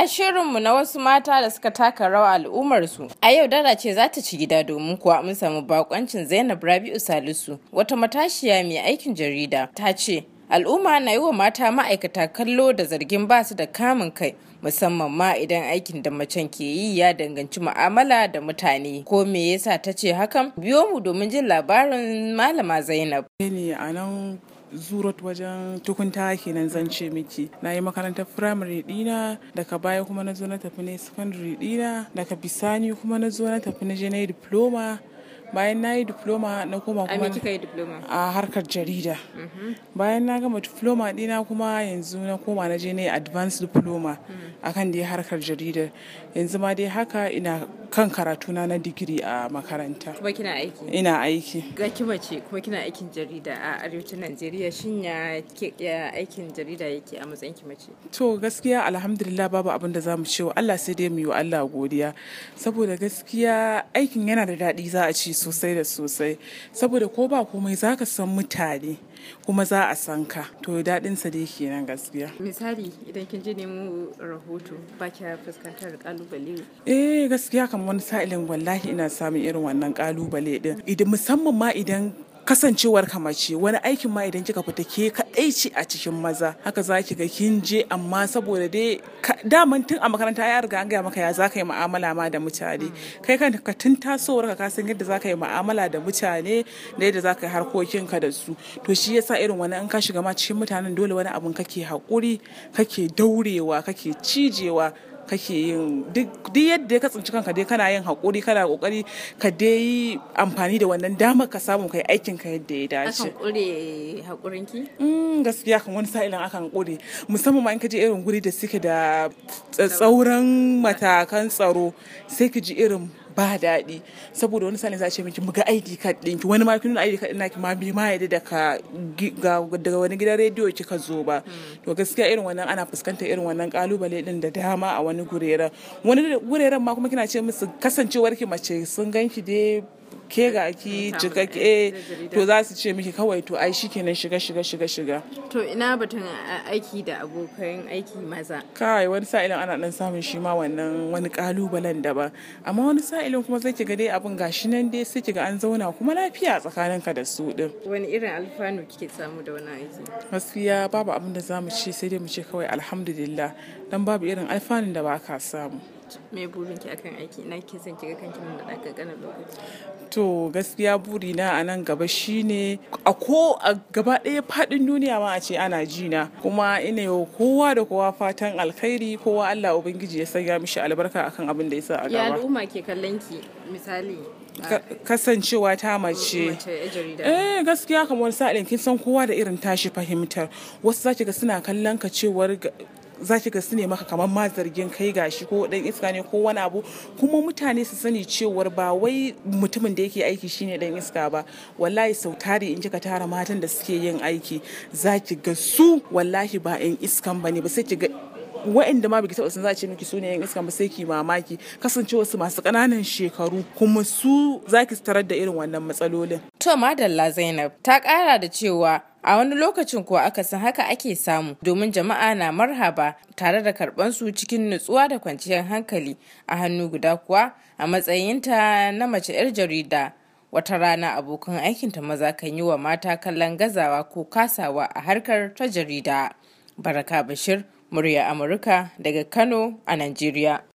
A shirinmu na wasu mata da suka taka rawa al'ummarsu, a yau dara ce za ta ci gida domin kuwa mun samu bakoncin Zainab Rabi'u Salisu, wata matashiya mai aikin jarida, ta ce, Al'umma na yi wa mata ma'aikata kallo da zargin ba su da kamun kai, musamman ma idan aikin da macen ke yi ya danganci mu'amala da mutane. Ko me yasa ta ce hakan? Biyo mu domin jin labarin Malama Zainab. zurot wajen tukunta kenan zan ce miki na yi makarantar firamare dina daga baya kuma na zo na tafi na secondary dina daga bisani kuma na zo na tafi na je na diploma bayan na yi diploma na koma kuma kika yi diploma a harkar jarida bayan na gama diploma dina kuma yanzu na koma na je na yi advanced diploma akan dai harkar jarida yanzu ma dai haka ina kan karatuna na digiri a makaranta kuma kina aiki ina aiki ga kima ce kuma kina aikin jarida a arewacin Najeriya shin ya aikin jarida yake a matsayin ki mace to gaskiya alhamdulillah babu abin da zamu ce wa Allah sai dai mu yi wa Allah godiya saboda gaskiya aikin yana da daɗi za a ce sosai da sosai saboda ko ba komai za ka san mutane kuma za a san ka to daɗin sa dai kenan gaskiya misali idan kin je nemo rahoto ba kya fuskantar kalubale eh gaskiya kamar wani sa'ilin wallahi ina samun irin wannan kalubale din idan musamman ma idan kasancewar kamace wani aikin ma idan kika fita ke kaɗai ce a cikin maza haka za ki ga kin je amma saboda dai daman tun a makaranta ya riga an gaya maka ya za yi mu'amala ma da mutane mm. kai kan ka tun tasowar ka san yadda za ka yi mu'amala da mutane da yadda za yi harkokin ka da su to shi yasa irin wani an ka shiga ma cikin mutanen dole wani abun kake hakuri kake daurewa kake cijewa kake yin duk yadda ka tsinci kanka dai kana yin haƙuri kana ƙoƙari ka dai yi amfani da wannan damar ka samu kai aikin ka yadda ya dace. Akan ƙure haƙurin ki? Mm, gaskiya kan wani sa'ilin akan ƙure musamman ma in ka je irin guri da suke da tsauran matakan tsaro sai ka ji irin ba daɗi saboda wani sani za ce miki muga ID card ɗinki wani ma kin nuna ID card ɗinki ma bi ma yadda daga daga wani gidan rediyo kika zo ba hmm. to gaskiya irin wannan ana fuskantar irin wannan kalubale din da dama a wani gureren wani gureren ma kuma kina ce musu kasancewar ki mace sun ganki dai ke ga ki cikakke eh, to za su ce miki kawai to ai shikenan shiga shiga shiga shiga to ina batun aiki da abokan aiki maza kai wani sa'ilin ana dan samun shi ma wannan wani kalubalen ba amma wani sa'ilin kuma sai ga dai abin gashi nan dai sai ga an zauna kuma lafiya tsakanin ka da su din wani irin alfanu kike samu da wani aiki gaskiya babu abin da zamu ce sai dai mu ce kawai alhamdulillah dan babu irin alfanun da ba ka samu me burin ki akan aiki na ki son kiga kanki nan da kankanin lokaci to gaskiya buri na a nan gaba shine a ko a gaba ɗaya faɗin duniya ma a ce ana jina kuma ina yau kowa da kowa fatan alkhairi kowa Allah ubangiji ya sanya mishi albarka akan abin da ya sa a gaba ya al'umma ke kallon ki misali kasancewa ta mace eh gaskiya kamar sa'ilin kin san kowa da irin tashi fahimtar wasu zaki ga suna kallon ka cewar za ki ga su ne maka kamar ma zargin kai gashi ko dan iska ne ko wani abu kuma mutane su sani cewar ba wai mutumin da yake aiki shine dan iska ba wallahi sau tari in kika tara matan da suke yin aiki za ki ga su wallahi ba yan iskan bane ba sai ki ga waɗanda ma biki taɓa sun za miki su yan iska ba sai ki mamaki kasancewa su masu kananan shekaru kuma su za ki tarar da irin wannan matsalolin. To Madalla Zainab ta kara da cewa a wani lokacin kuwa san haka ake samu domin jama'a na marhaba tare da karɓar su cikin nutsuwa da kwanciyar hankali a hannu guda kuwa a matsayinta na mace 'yar jarida. wata rana abokan aikinta maza kan yi wa mata kallon gazawa ko kasawa a harkar ta jarida baraka bashir Murya Amurka daga Kano a Najeriya.